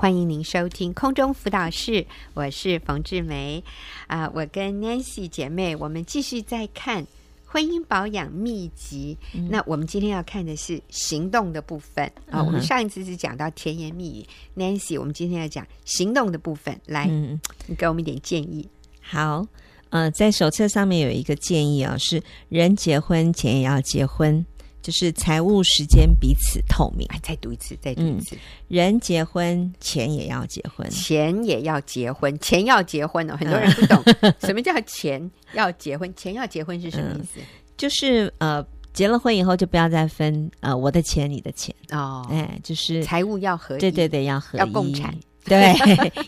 歡迎您收聽空中輔導室，我是馮志梅啊、呃，我跟 Nancy 姐妹，我們繼續在看婚姻保養秘籍、嗯。那我們今天要看的是行動的部分啊、嗯哦。我們上一次是講到甜言蜜語，Nancy，我們今天要講行動的部分。來、嗯，你給我們一點建議。好，呃，在手冊上面有一個建議啊、哦，是人結婚，錢也要結婚。就是財務時間彼此透明、啊，再讀一次，再讀一次、嗯。人結婚，錢也要結婚，錢也要結婚，錢要結婚哦。嗯、很多人不懂 什麼叫錢要結婚，錢要結婚是什麼意思？嗯、就是呃，結了婚以後就不要再分呃，我的錢你的錢哦，哎，就是財務要合，對，對對對，要合要共產， 對，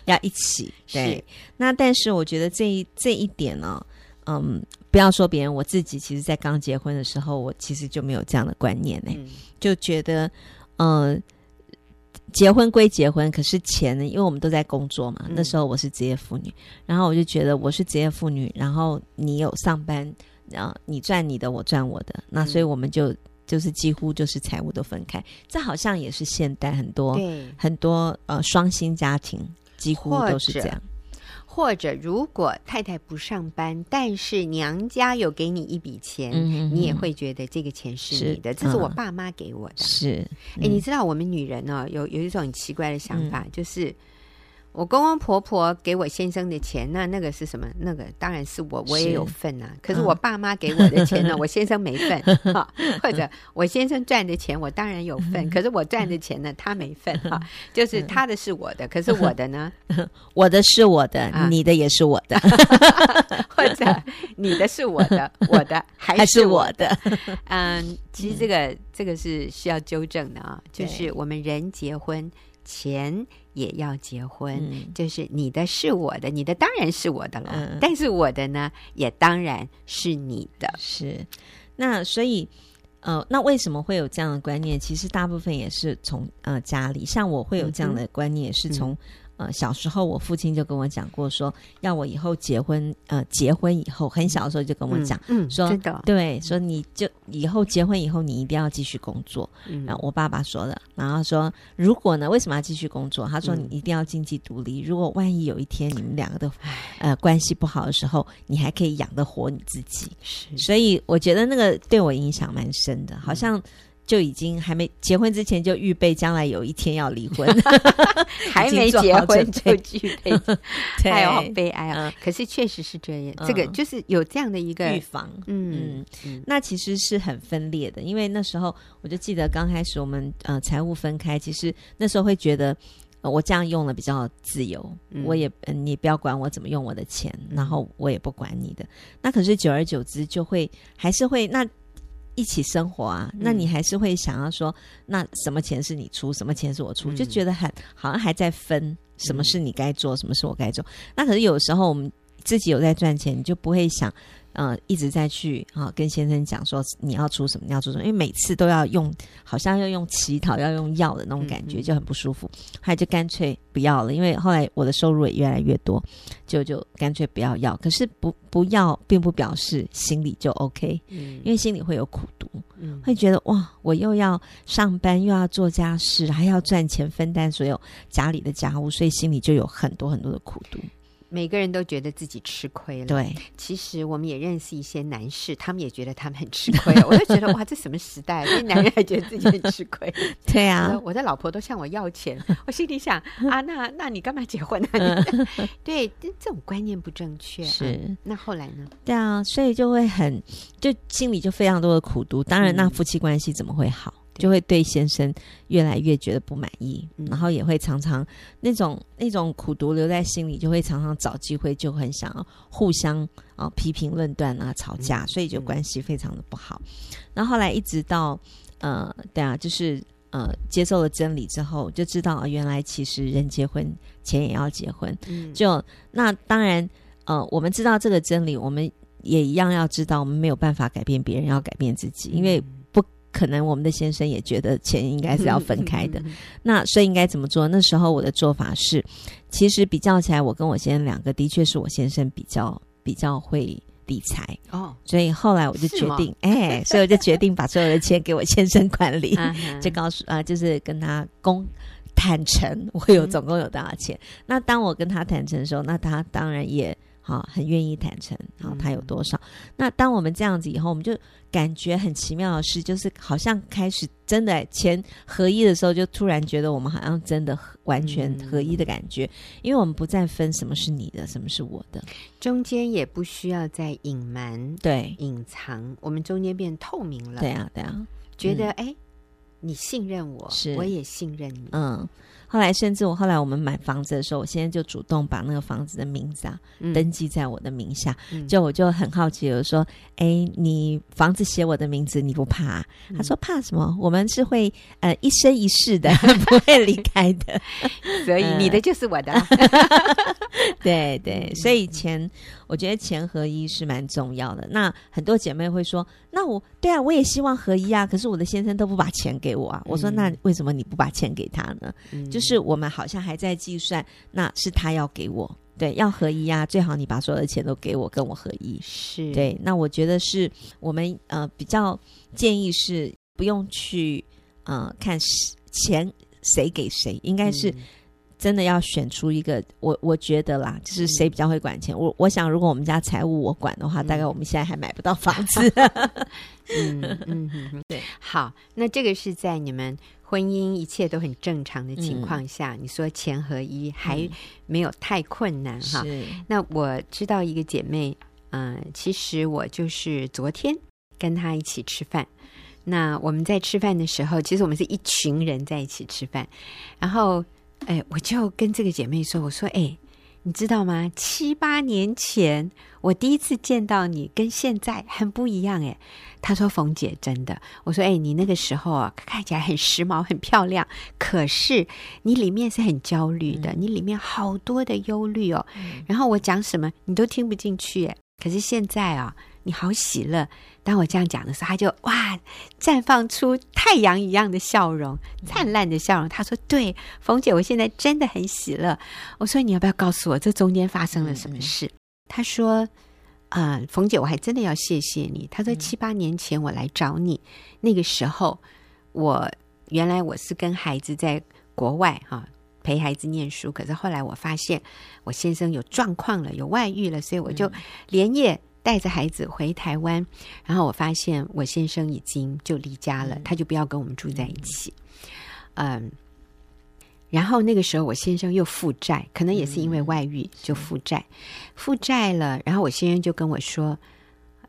要一起對是。那但是我覺得這這一點呢、哦，嗯。不要說別人，我自己其實，在剛結婚的時候，我其實就沒有這樣的觀念呢、欸嗯，就覺得，嗯、呃，結婚歸結婚，可是錢呢，因為我們都在工作嘛，嗯、那時候我是職業婦女，然後我就覺得我是職業婦女，然後你有上班，然後你賺你的，我賺我的，那所以我們就、嗯、就是幾乎就是財務都分開，這好像也是現代很多、嗯、很多呃雙薪家庭幾乎都是這樣。或者，如果太太不上班，但是娘家有給你一筆錢、嗯，你也會覺得這個錢是你的。是，這是我爸媽給我的。是、嗯，哎、欸，你知道我們女人呢、哦，有有一種很奇怪的想法，嗯、就是。我公公婆婆給我先生的錢，那那個是什麼？那個當然是我，我也有份啊。是，可是我爸媽給我的錢呢、嗯，我先生沒份、 啊。或者我先生賺的錢，我當然有份、嗯。可是我賺的錢呢，他沒份。哈、啊，就是他的是我的，嗯、可是我的呢， 我的是我的、啊，你的也是我的。 或者你的是我的，我的還是我的。我的 嗯，其實這個、嗯、這個是需要糾正的啊、哦，就是我們人結婚，錢也要結婚，嗯、就是你的，是我的，你的當然是我的了、嗯，但是我的呢，也當然是你的。是那所以，呃，那為什麼會有這樣的觀念？其實大部分也是從呃家裡，像我會有這樣的觀念，是從。嗯嗯呃，小時候我父親就跟我講過說，說要我以後結婚，呃，結婚以後，很小的時候就跟我講，嗯，說，嗯、真的對，說你就以後結婚以後，你一定要繼續工作。嗯，然後我爸爸說的，然後說，如果呢，為什麼要繼續工作？他說，你一定要經濟獨立、嗯。如果萬一有一天你們兩個的呃，關係不好的時候，你還可以養得活你自己。是，所以我覺得那個對我影響蠻深的，嗯、好像。就已經還沒結婚之前就預備將來有一天要離婚， 還沒結婚就預備，太 好、， 哎、好悲哀啊、嗯！可是確實是這樣、個嗯，這個就是有這樣的一個預防嗯。嗯，那其實是很分裂的，因為那時候我就記得剛開始我們呃財務分開，其實那時候會覺得、呃、我這樣用了比較自由，嗯、我也、呃、你不要管我怎麼用我的錢、嗯，然後我也不管你的。那可是久而久之就會還是會那。一起生活啊，那你還是會想要說、嗯，那什麼錢是你出，什麼錢是我出，嗯、就覺得很好像還在分，什麼是你該做、嗯，什麼是我該做。那可是有時候我們。自己有在賺錢，你就不會想，呃，一直在去啊、呃、跟先生講說你要出什麼你要出什麼，因為每次都要用，好像要用乞討要用要的那種感覺就很不舒服，嗯嗯後來就乾脆不要了，因為後來我的收入也越來越多，就就乾脆不要要。可是不不要，並不表示心裡就 OK，、嗯、因為心裡會有苦毒、嗯，會覺得哇，我又要上班，又要做家事，還要賺錢分擔所有家裡的家務，所以心裡就有很多很多的苦毒。每個人都覺得自己吃虧了。對，其實我們也認識一些男士，他們也覺得他們很吃虧。我就覺得 哇，這什麼時代， 這男人還覺得自己很吃虧？對啊，我的老婆都向我要錢， 我心裡想啊，那那你幹嘛結婚呢、啊？ 對，這這種觀念不正確、啊。是，那後來呢？對啊，所以就會很就心裡就非常多的苦毒。當然，那夫妻關係怎麼會好？嗯就會對先生越來越覺得不滿意，嗯、然後也會常常那種那種苦毒留在心裡，就會常常找機會就很想要互相啊批評論斷啊吵架、嗯，所以就關係非常的不好。嗯、然後後來一直到呃對啊，就是呃接受了真理之後，就知道啊、呃、原來其實人結婚錢也要結婚，嗯、就那當然呃我們知道這個真理，我們也一樣要知道，我們沒有辦法改變別人，嗯、要改變自己，因為。可能我們的先生也覺得錢應該是要分開的，嗯、那所以應該怎麼做？那時候我的做法是，其實比較起來，我跟我先生兩個的確是我先生比較比較會理財哦，所以後來我就決定，哎，欸、 所以我就決定把所有的錢給我先生管理， 就告訴啊、呃，就是跟他公坦誠我有總共有多少錢、嗯。那當我跟他坦誠的時候，那他當然也。好、哦，很願意坦誠。後、哦、他有多少、嗯？那當我們這樣子以後，我們就感覺很奇妙的事，就是好像開始真的錢合一的時候，就突然覺得我們好像真的完全合一的感覺、嗯，因為我們不再分什麼是你的，什麼是我的，中間也不需要再隱瞞、對隱藏，我們中間變透明了。對呀、啊，對呀、啊，覺得哎、嗯欸，你信任我，是我也信任你，嗯。後來甚至我後來我們買房子的時候，我先生就主動把那個房子的名字啊、嗯、登記在我的名下。嗯、就我就很好奇，我說：“哎、欸，你房子寫我的名字，你不怕、啊嗯？”他說：“怕什麼？我們是會呃一生一世的， 不會離開的， 所以你的就是我的。呃” 對對，所以錢，我覺得錢合一是蠻重要的。那很多姐妹會說：“那我對啊，我也希望合一啊，可是我的先生都不把錢給我啊。嗯”我說：“那為什麼你不把錢給他呢？”就、嗯。是我們好像還在計算，那是他要給我，對，要合一呀、啊，最好你把所有的錢都給我，跟我合一，是對。那我覺得是我們呃比較建議是不用去呃看誰錢誰給誰，應該是、嗯。真的要選出一個，我我覺得啦，就是誰比較會管錢。嗯、我我想，如果我們家財務我管的話、嗯，大概我們現在還買不到房子。嗯 嗯，嗯，對，好，那這個是在你們婚姻一切都很正常的情況下、嗯，你說錢合一還沒有太困難哈、嗯。是，那我知道一個姐妹，嗯、呃，其實我就是昨天跟她一起吃飯。那我們在吃飯的時候，其實我們是一群人在一起吃飯，然後。哎，我就跟這個姐妹說，我說，哎，你知道嗎？七八年前我第一次見到你，跟現在很不一樣。哎，她說，馮姐，真的。我說，哎，你那個時候啊，看起來很時髦、很漂亮，可是你裡面是很焦慮的，嗯、你裡面好多的憂慮哦、嗯。然後我講什麼，你都聽不進去。哎，可是現在啊。你好，喜樂。當我這樣講的時候，他就哇，綻放出太陽一樣的笑容，燦爛的笑容。他說：“對，馮姐，我現在真的很喜樂。”我說：“你要不要告訴我，這中間發生了什麼事？”嗯嗯。他說：“啊、呃，馮姐，我還真的要謝謝你。”他說：“七八年前我來找你，嗯、那個時候我原來我是跟孩子在國外哈、啊，陪孩子念書。可是後來我發現我先生有狀況了，有外遇了，所以我就連夜。”帶着孩子回台灣，然後我發現我先生已經就離家了，嗯、他就不要跟我們住在一起嗯。嗯，然後那個時候我先生又負債，可能也是因為外遇就負債，嗯、負債了。然後我先生就跟我說，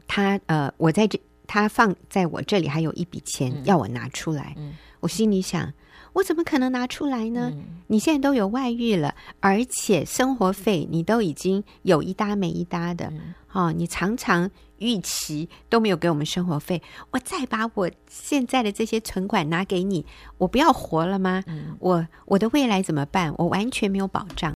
他呃，我在這，他放在我這裡還有一筆錢要我拿出來。嗯嗯、我心裡想。我怎麼可能拿出來呢、嗯？你現在都有外遇了，而且生活費你都已經有一搭沒一搭的、嗯。哦，你常常逾期都沒有給我們生活費，我再把我現在的這些存款拿給你，我不要活了嗎？嗯、我我的未來怎麼辦？我完全沒有保障。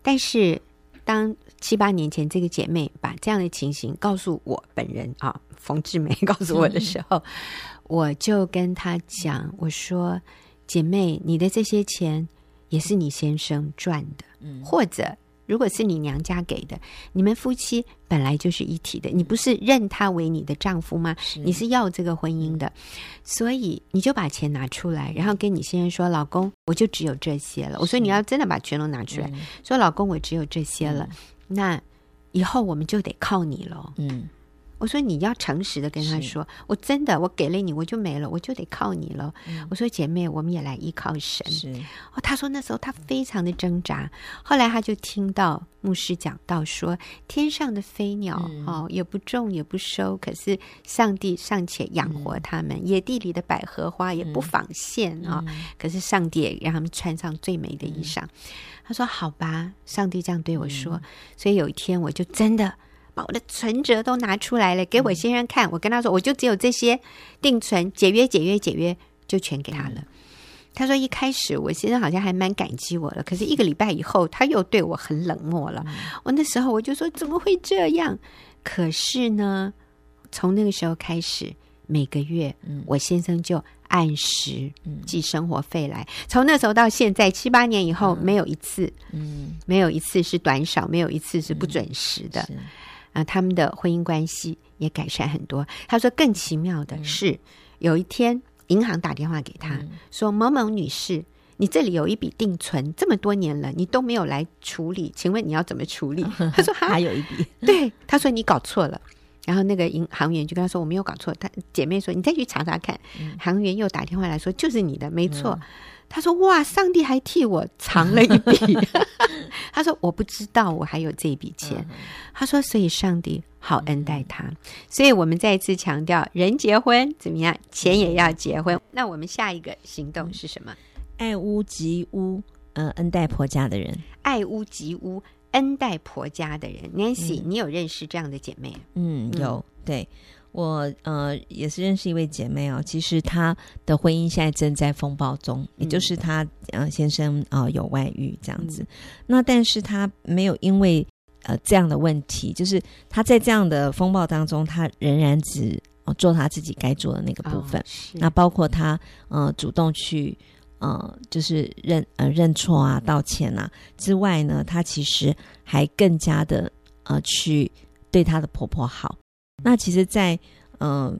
但是當七八年前這個姐妹把這樣的情形告訴我本人啊，馮志梅告訴我的時候、嗯，我就跟她講，我說。姐妹，你的這些錢也是你先生賺的，嗯、或者如果是你娘家給的，你們夫妻本來就是一體的。嗯、你不是認他為你的丈夫嗎？是你是要這個婚姻的、嗯，所以你就把錢拿出來，然後跟你先生說：“嗯、老公，我就只有這些了。”我說：“你要真的把全都拿出來，嗯、說老公，我只有這些了、嗯，那以後我們就得靠你嘍。”嗯。我說：“你要誠實的跟他說，我真的我給了你，我就沒了，我就得靠你了。嗯”我說：“姐妹，我們也來依靠神。”哦。他說：“那時候他非常的掙扎，嗯、後來他就聽到牧師講道說，天上的飛鳥、嗯、哦，也不種也不收，可是上帝尚且養活他們；野、嗯、地裡的百合花也不紡線啊，可是上帝也讓他們穿上最美的衣裳。嗯”他說：“好吧，上帝這樣對我說，嗯、所以有一天我就真的。”把我的存摺都拿出來了，給我先生看。嗯、我跟他說，我就只有這些定存，解約解約解約，就全給他了。嗯、他說一開始，我先生好像還蠻感激我的。可是一個禮拜以後，他又對我很冷漠了。嗯、我那時候我就說，怎麼會這樣？可是呢，從那個時候開始，每個月、嗯、我先生就按時寄生活費來。嗯、從那時候到現在七八年以後，嗯、沒有一次，嗯，沒有一次是短少，沒有一次是不準時的。嗯啊，他們的婚姻關係也改善很多。他說，更奇妙的是，嗯、有一天銀行打電話給他，嗯、說：“某某女士，你這裡有一筆定存，這麼多年了，你都沒有來處理，請問你要怎麼處理？” 他說：“還有一筆。”對，他說：“你搞錯了。”然後那個銀行員就跟他說：“我沒有搞錯。”他姐妹說：“你再去查查看。”嗯，行員又打電話來說：“就是你的，沒錯。”嗯他說：“哇，上帝還替我藏了一筆。 ” 他說：“我不知道我還有這筆錢。嗯”他說：“所以上帝好恩待他。嗯”所以我們再一次強調：人結婚怎麼樣，錢也要結婚，嗯。那我們下一個行動是什麼？愛屋及烏，嗯、呃，恩待婆家的人；愛屋及烏，恩待婆家的人。嗯、Nancy，你有認識這樣的姐妹？嗯，嗯有。對。我呃也是認識一位姐妹哦，其實她的婚姻現在正在風暴中，嗯、也就是她呃先生啊、呃、有外遇這樣子、嗯，那但是她沒有因為呃這樣的問題，就是她在這樣的風暴當中，她仍然只、呃、做她自己該做的那個部分，哦、那包括她呃主動去呃就是認呃認錯啊道歉吶、啊嗯，之外呢，她其實還更加的呃去對她的婆婆好。那其實在，在、呃、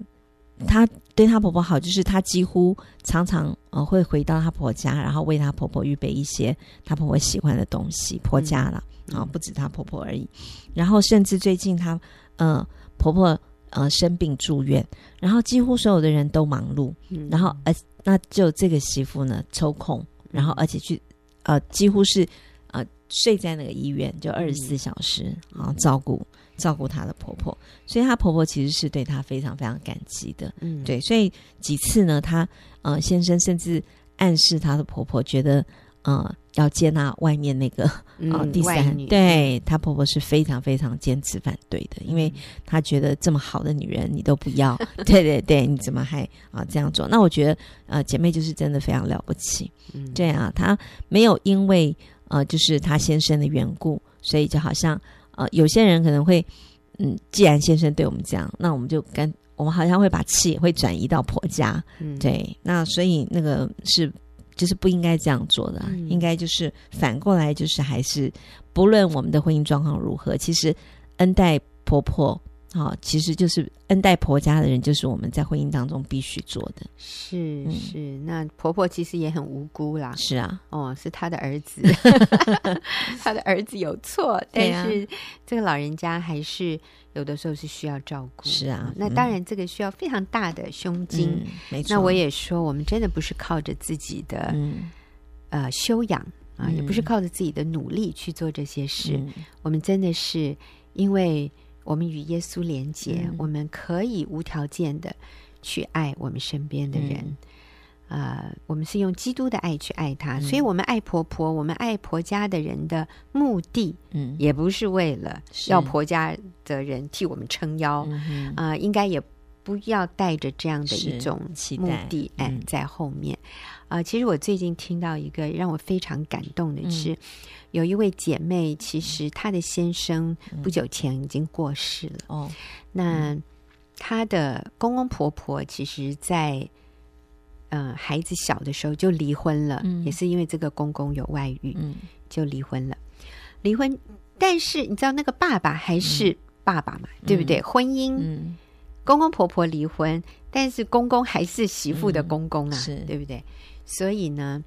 嗯，她對她婆婆好，就是她幾乎常常呃會回到她婆家，然後為她婆婆預備一些她婆婆喜歡的東西。婆家了啊，嗯、不止她婆婆而已。然後甚至最近她呃婆婆呃生病住院，然後幾乎所有的人都忙碌，然後而、呃、那就這個媳婦呢抽空，然後而且去呃幾乎是呃睡在那個醫院，就二十四小時啊、嗯、照顧。嗯照顧她的婆婆，所以她婆婆其實是對她非常非常感激的。嗯，對，所以幾次呢，她呃先生甚至暗示她的婆婆，覺得呃要接納外面那個啊第三，對她婆婆是非常非常堅持反對的，因為她覺得這麼好的女人你都不要，嗯、對對對，你怎麼還啊、呃、這樣做？那我覺得呃姐妹就是真的非常了不起，嗯、對啊，她沒有因為呃就是她先生的緣故，所以就好像。啊、呃，有些人可能會，嗯，既然先生對我們這樣，那我們就跟我們好像會把氣也會轉移到婆家，嗯，對，那所以那個是就是不應該這樣做的、啊嗯，應該就是反過來，就是還是不論我們的婚姻狀況如何，其實恩待婆婆。好、哦，其實就是恩待婆家的人，就是我們在婚姻當中必須做的。是、嗯、是，那婆婆其實也很無辜啦。是啊，哦，是她的兒子， 她的兒子有錯，是但是、啊、這個老人家還是有的時候是需要照顧。是啊、嗯，那當然這個需要非常大的胸襟、嗯。沒錯，那我也說，我們真的不是靠着自己的、嗯、呃修養啊、嗯，也不是靠着自己的努力去做這些事。嗯、我們真的是因為。我們與耶穌連接，嗯、我們可以無條件的去愛我們身邊的人。啊、嗯呃，我們是用基督的愛去愛他，嗯、所以，我們愛婆婆，我們愛婆家的人的目的，嗯，也不是為了要婆家的人替我們撐腰，啊、呃，應該也不要帶着這樣的一種目的，嗯嗯、在後面。啊、呃，其實我最近聽到一個讓我非常感動的是、嗯，有一位姐妹，其實她的先生不久前已經過世了。嗯、哦、嗯，那她的公公婆婆其實在，在、呃、嗯孩子小的時候就離婚了、嗯，也是因為這個公公有外遇、嗯，就離婚了。離婚，但是你知道那個爸爸還是爸爸嘛，嗯、對不對？婚姻、嗯，公公婆婆離婚，但是公公還是媳婦的公公啊，嗯、是對不對？所以呢，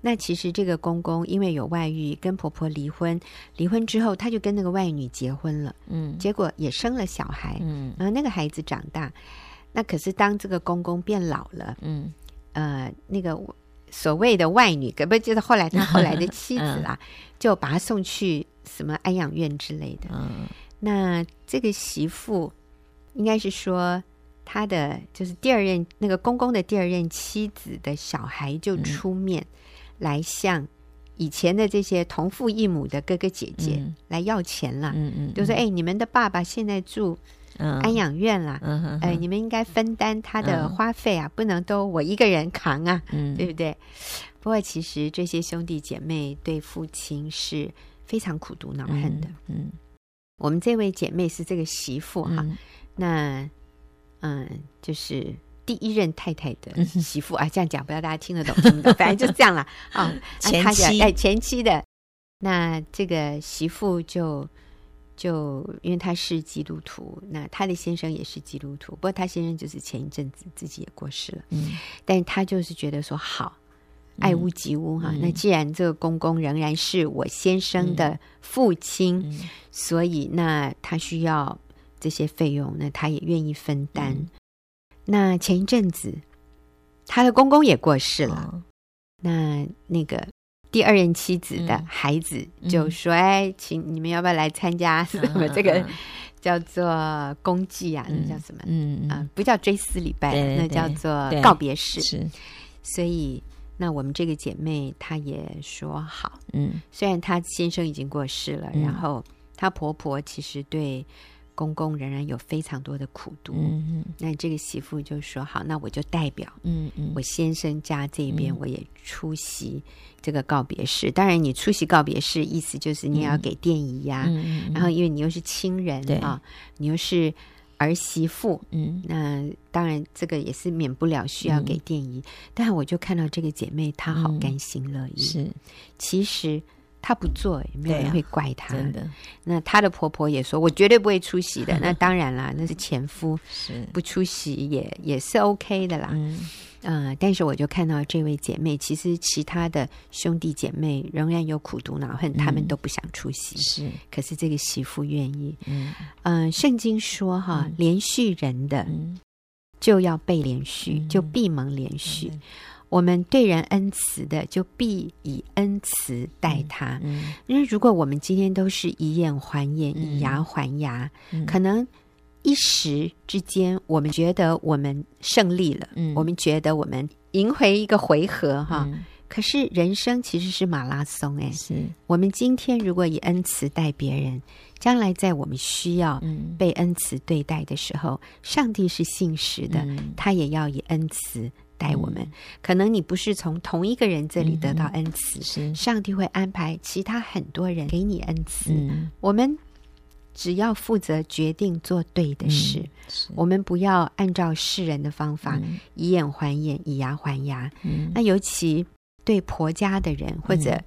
那其實這個公公因為有外遇，跟婆婆離婚。離婚之後，他就跟那個外女結婚了，嗯，結果也生了小孩。嗯，然後那個孩子長大，那可是當這個公公變老了，嗯，呃，那個所謂的外女，可不就是後來他後來的妻子啦， 就把他送去什麼安養院之類的。嗯，那這個媳婦應該是說。他的就是第二任那個公公的第二任妻子的小孩就出面、嗯、來向以前的這些同父異母的哥哥姐姐來要錢了，嗯嗯，嗯，就說：“哎，你們的爸爸現在住安養院了，哎、嗯呃嗯，你們應該分擔他的花費啊，嗯、不能都我一個人扛啊，嗯、對不對？”不過，其實這些兄弟姐妹對父親是非常苦毒惱恨的，嗯。嗯，我們這位姐妹是這個媳婦哈、啊嗯，那。嗯，就是第一任太太的媳婦、嗯、啊，這樣講不知道大家聽得懂，嗯，聽不懂反正就這樣了、 哦、啊。前妻他哎，前妻的那這個媳婦就就因為她是基督徒，那她的先生也是基督徒，不過她先生就是前一陣子自己也過世了，嗯，但是她就是覺得說好，愛屋及烏哈，那既然這個公公仍然是我先生的父親，嗯嗯、所以那他需要。這些費用，那她也願意分擔、嗯。那前一陣子，她的公公也過世了。哦、那那個第二任妻子的孩子就說：“嗯嗯、哎，請你們要不要來參加什麼？這個叫做公祭啊，那、嗯、叫什麼？嗯啊、嗯呃，不叫追思禮拜，對對對，那叫做告別式。所以，那我們這個姐妹，她也說好。嗯，雖然她先生已經過世了，嗯、然後她婆婆其實對。”公公仍然有非常多的苦毒，嗯嗯，那這個媳婦就說：“好，那我就代表，嗯嗯，我先生家這邊我也出席這個告別式。嗯、當然，你出席告別式，意思就是你也要給奠儀呀，啊嗯嗯嗯。然後，因為你又是親人啊，你又是兒媳婦，嗯，那當然這個也是免不了需要給奠儀。嗯、但我就看到這個姐妹，她好甘心樂意。嗯、是，其實。她不做，也沒有人會怪她。啊、真的，那她的婆婆也說：“我絕對不會出席的。 ”那當然啦，那是前夫，是不出席也也是 OK 的啦。嗯、呃，但是我就看到這位姐妹，其實其他的兄弟姐妹仍然有苦毒惱恨，他、嗯、們都不想出席。是，可是這個媳婦願意。嗯，呃、聖經說哈，嗯、憐恤人的、嗯、就要被憐恤，嗯、就必蒙憐恤。嗯我們對人恩慈的，就必以恩慈待他。嗯嗯、因為如果我們今天都是以眼還眼、嗯，以牙還牙、嗯，可能一時之間，我們覺得我們勝利了、嗯，我們覺得我們贏回一個回合哈、嗯啊。可是人生其實是馬拉松哎，是，我們今天如果以恩慈待別人，將來在我們需要被恩慈對待的時候，嗯、上帝是信實的，嗯、他也要以恩慈。待、嗯、我們，可能你不是從同一個人這裡得到恩慈、嗯，上帝會安排其他很多人給你恩慈、嗯。我們只要負責決定做對的事，嗯、我們不要按照世人的方法、嗯、以眼還眼，以牙還牙。嗯、那尤其對婆家的人、嗯，或者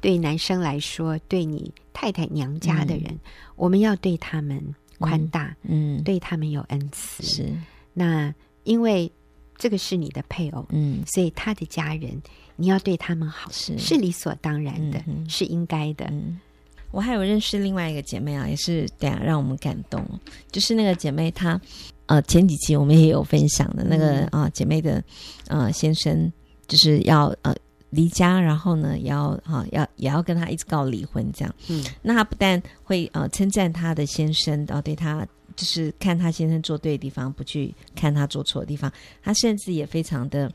對男生來說，對你太太娘家的人，嗯、我們要對他們寬大，嗯，嗯對他們有恩慈。是，那因為。這個是你的配偶，嗯，所以他的家人，你要對他們好，是是理所當然的，嗯、是應該的、嗯。我還有認識另外一個姐妹啊，也是這樣、啊、讓我們感動，就是那個姐妹她，呃，前幾期我們也有分享的那個、嗯、啊姐妹的呃先生，就是要呃離家，然後呢，也要啊要也要跟他一直告離婚這樣，嗯，那她不但會呃稱讚她的先生，然後、呃、對他。就是看他先生做對的地方，不去看他做錯的地方。他甚至也非常的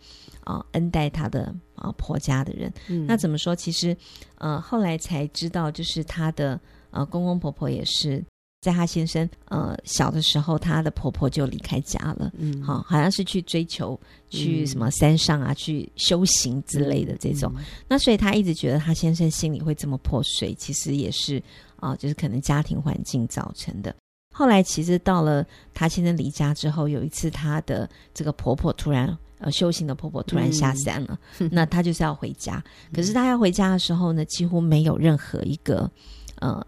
啊、呃、恩待他的啊、呃、婆家的人、嗯。那怎麼說？其實呃後來才知道，就是他的呃公公婆婆也是在他先生呃小的時候，他的婆婆就離開家了。嗯，好、哦，好像是去追求去什麼山上啊、嗯、去修行之類的這種。嗯嗯、那所以，他一直覺得他先生心裡會這麼破碎，其實也是啊、呃，就是可能家庭環境造成的。後來，其實到了她先生離家之後，有一次她的這個婆婆突然，呃，修行的婆婆突然下山了。嗯、那她就是要回家，嗯、可是她要回家的時候呢，幾乎沒有任何一個，呃，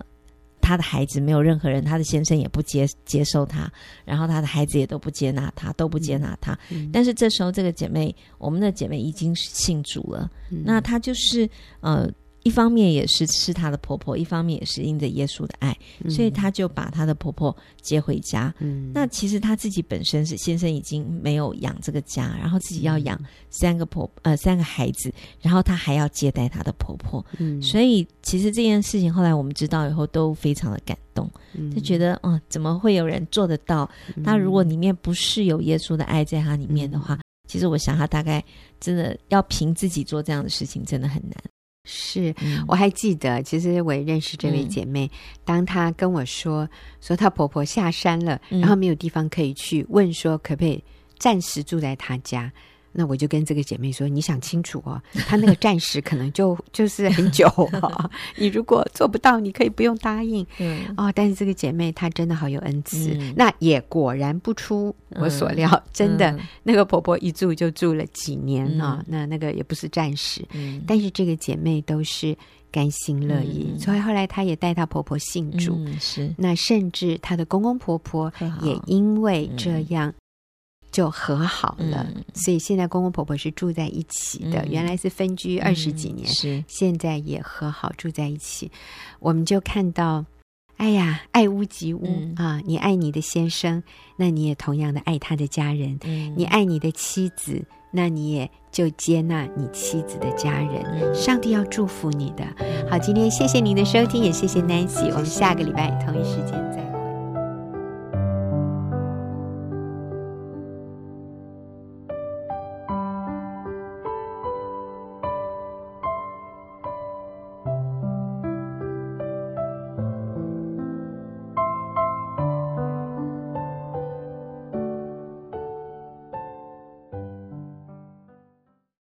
她的孩子沒有任何人，她的先生也不接接受她，然後她的孩子也都不接納她，都不接納她、嗯。但是這時候，這個姐妹，我們的姐妹已經是信主了，嗯、那她就是呃。一方面也是是她的婆婆，一方面也是因着耶穌的愛，嗯、所以她就把她的婆婆接回家。嗯、那其實她自己本身是先生已經沒有養這個家，然後自己要養三個婆呃三個孩子，然後她還要接待她的婆婆、嗯。所以其實這件事情後來我們知道以後都非常的感動，嗯、就覺得哦、嗯，怎麼會有人做得到？那如果裡面不是有耶穌的愛在她裡面的話，嗯、其實我想她大概真的要憑自己做這樣的事情，真的很難。是、嗯，我還記得，其實我也認識這位姐妹，嗯、當她跟我說，說她婆婆下山了、嗯，然後沒有地方可以去，問說可不可以暫時住在她家。那我就跟這個姐妹說，你想清楚哦，她那個暫時可能就 就是很久，哦。 你如果做不到，你可以不用答應、嗯。哦，但是這個姐妹她真的好有恩慈，嗯、那也果然不出我所料，嗯、真的、嗯、那個婆婆一住就住了幾年啊、哦嗯，那那個也不是暫時。嗯，但是這個姐妹都是甘心樂意，嗯、所以後來她也帶她婆婆信主，嗯、是那甚至她的公公婆婆也因為這樣。嗯就和好了、嗯，所以現在公公婆婆是住在一起的，嗯、原來是分居二十幾年，嗯、是現在也和好住在一起。我們就看到，哎呀，愛屋及烏、嗯、啊，你愛你的先生，那你也同樣的愛他的家人；嗯、你愛你的妻子，那你也就接納你妻子的家人。嗯、上帝要祝福你的。好，今天謝謝您的收聽、哦，也謝謝 Nancy，謝謝我們下個禮拜同一時間再。